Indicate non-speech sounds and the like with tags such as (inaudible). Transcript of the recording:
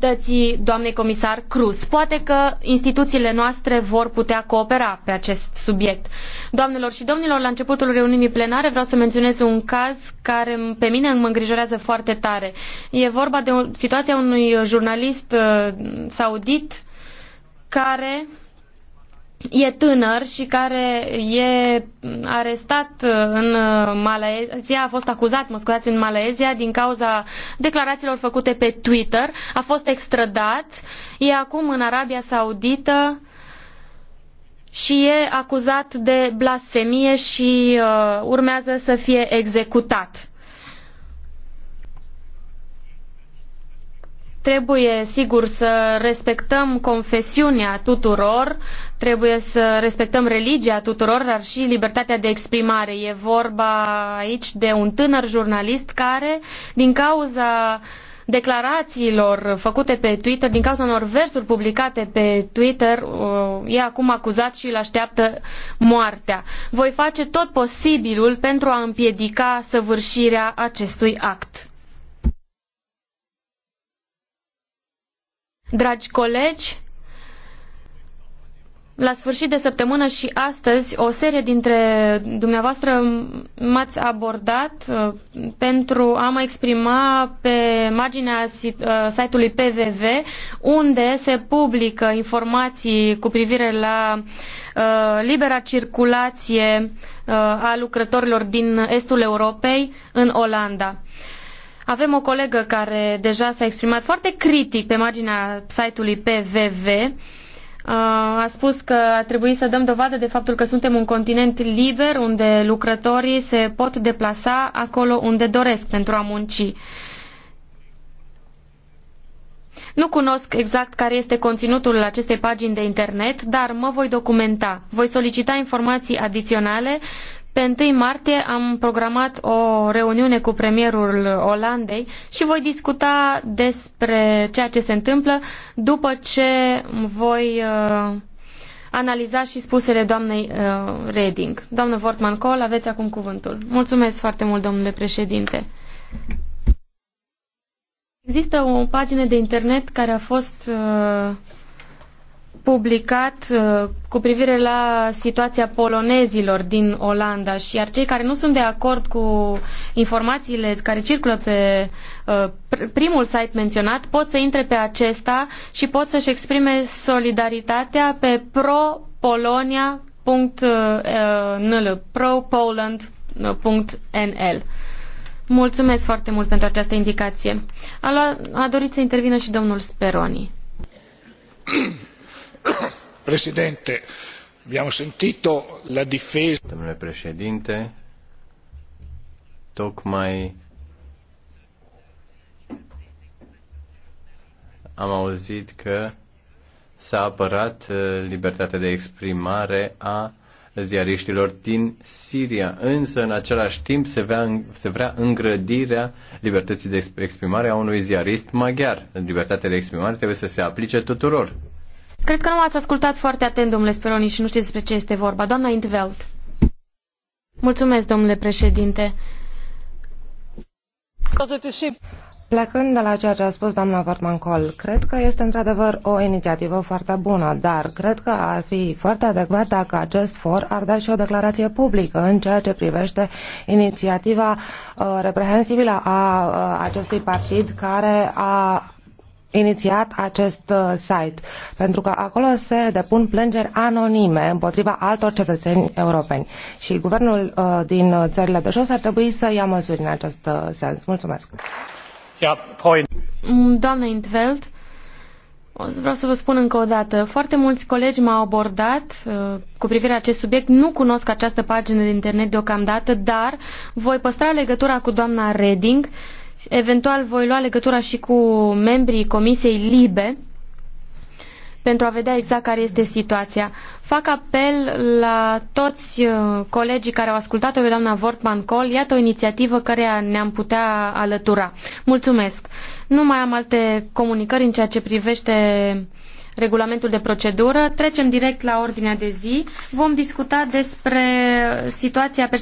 dății doamnei comisar Cruz. Poate că instituțiile noastre vor putea coopera pe acest subiect. Doamnelor și domnilor, la începutul reuniunii plenare vreau să menționez un caz care pe mine mă îngrijorează foarte tare. E vorba de o, situația unui jurnalist uh, saudit care e tânăr și care e arestat uh, în uh, Malaezia, a fost acuzat, mă scuzați, în Malaezia din cauza declarațiilor făcute pe Twitter, a fost extradat, e acum în Arabia Saudită și e acuzat de blasfemie și uh, urmează să fie executat. Trebuie, sigur, să respectăm confesiunea tuturor, trebuie să respectăm religia tuturor, dar și libertatea de exprimare. E vorba aici de un tânăr jurnalist care, din cauza declarațiilor făcute pe Twitter, din cauza unor versuri publicate pe Twitter, uh, e acum acuzat și îl așteaptă moartea. Voi face tot posibilul pentru a împiedica săvârșirea acestui act. Dragi colegi, la sfârșit de săptămână și astăzi, o serie dintre dumneavoastră m-ați abordat uh, pentru a mă exprima pe marginea uh, site-ului PVV, unde se publică informații cu privire la uh, libera circulație a lucrătorilor din estul Europei în Olanda. Avem o colegă care deja s-a exprimat foarte critic pe marginea site-ului PVV. Uh, a spus că ar trebui să dăm dovadă de faptul că suntem un continent liber unde lucrătorii se pot deplasa acolo unde doresc pentru a munci. Nu cunosc exact care este conținutul acestei pagini de internet, dar mă voi documenta. Voi solicita informații adiționale uh, pe 1 martie am programat o reuniune cu premierul Olandei și voi discuta despre ceea ce se întâmplă după ce voi uh, analiza și spusele doamnei uh, Reding. Doamnă Vortman Col, aveți acum cuvântul. Mulțumesc foarte mult, domnule președinte. Există o pagină de internet care a fost uh, publicat uh, cu privire la situația polonezilor din Olanda și iar cei care nu sunt de acord cu informațiile care circulă pe uh, primul site menționat pot să intre pe acesta și pot să-și exprime solidaritatea pe propolonia.nl uh, propoland.nl. Mulțumesc foarte mult pentru această indicație. A, luat, a dorit să intervină și domnul Speroni. (coughs) (coughs) Presidente, abbiamo sentito la difesa. Domnule președinte, tocmai am auzit că s-a apărat uh, libertatea de exprimare a ziariștilor din Siria, însă în același timp se vrea, se vrea îngrădirea libertății de exprimare a unui ziarist maghiar. Libertatea de exprimare trebuie să se aplice tuturor. Cred că nu ați ascultat foarte atent, domnule Speroni, și nu știți despre ce este vorba. Doamna Intveld. Mulțumesc, domnule președinte. Plecând de la ceea ce a spus doamna Varman cred că este într-adevăr o inițiativă foarte bună, dar cred că ar fi foarte adecvat dacă acest for ar da și o declarație publică în ceea ce privește inițiativa uh, reprehensibilă a uh, acestui partid care a inițiat acest uh, site, pentru că acolo se depun plângeri anonime împotriva altor cetățeni europeni. Și guvernul uh, din țările de jos ar trebui să ia măsuri în acest uh, sens. Mulțumesc! Ja, mm, Doamna Intveld, vreau să vă spun încă o dată, foarte mulți colegi m-au abordat uh, cu privire la acest subiect, nu cunosc această pagină de internet deocamdată, dar voi păstra legătura cu doamna Reding, uh, Eventual voi lua legătura și cu membrii Comisiei Libe pentru a vedea exact care este situația. Fac apel la toți uh, colegii care au ascultat-o pe doamna Vortman Col. Iată o inițiativă care ne-am putea alătura. Mulțumesc. Nu mai am alte comunicări în ceea ce privește regulamentul de procedură. Trecem direct la ordinea de zi. Vom discuta despre situația persoanelor